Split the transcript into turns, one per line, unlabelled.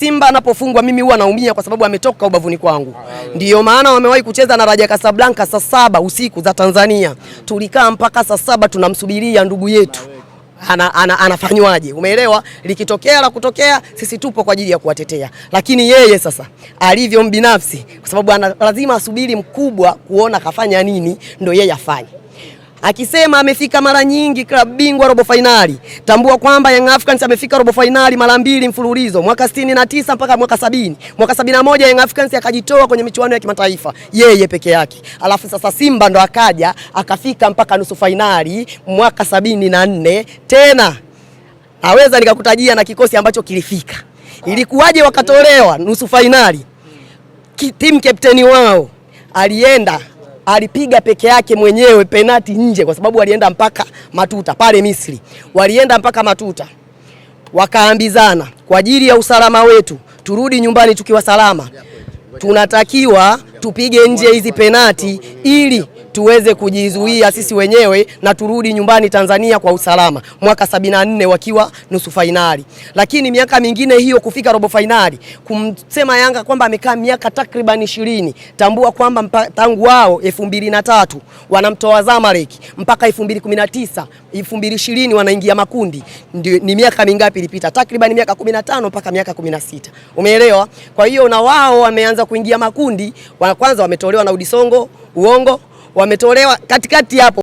Simba anapofungwa mimi huwa naumia kwa sababu ametoka ubavuni kwangu. Ndiyo maana wamewahi kucheza na Raja Casablanca saa saba usiku za Tanzania, tulikaa mpaka saa saba tunamsubiria ndugu yetu ana, ana, anafanywaje? Umeelewa? Likitokea la kutokea, sisi tupo kwa ajili ya kuwatetea, lakini yeye sasa alivyo mbinafsi, kwa sababu lazima asubiri mkubwa kuona kafanya nini, ndio yeye afanye akisema amefika mara nyingi klabu bingwa robo fainali. Tambua kwamba Young Africans amefika robo fainali mara mbili mfululizo, mwaka 69 mpaka mwaka sabini. Mwaka sabini na moja Young Africans akajitoa kwenye michuano ya kimataifa yeye peke yake, alafu sasa Simba ndo akaja akafika mpaka nusu fainali mwaka sabini na nne tena aweza nikakutajia na kikosi ambacho kilifika. Ilikuwaje wakatolewa nusu fainali? Timu kapteni wao alienda alipiga peke yake mwenyewe penati nje, kwa sababu walienda mpaka matuta pale Misri, walienda mpaka matuta wakaambizana, kwa ajili ya usalama wetu turudi nyumbani tukiwa salama, tunatakiwa tupige nje hizi penati ili tuweze kujizuia sisi wenyewe na turudi nyumbani Tanzania kwa usalama, mwaka nne wakiwa nusu fainali. Lakini miaka mingine hiyo kufika robo fainali, kumsema Yanga kwamba amekaa miaka takriban ishirini, tambua kwamba tangu wao elfu mbili na tatu wanamtoa Zamalek mpaka 2019 2020 wanaingia makundi, ndio ni miaka mingapi ilipita? Takriban miaka 15 mpaka miaka 16, umeelewa? Kwa hiyo na wao wameanza kuingia makundi, wa kwanza wametolewa na Udisongo uongo wametolewa katikati hapo.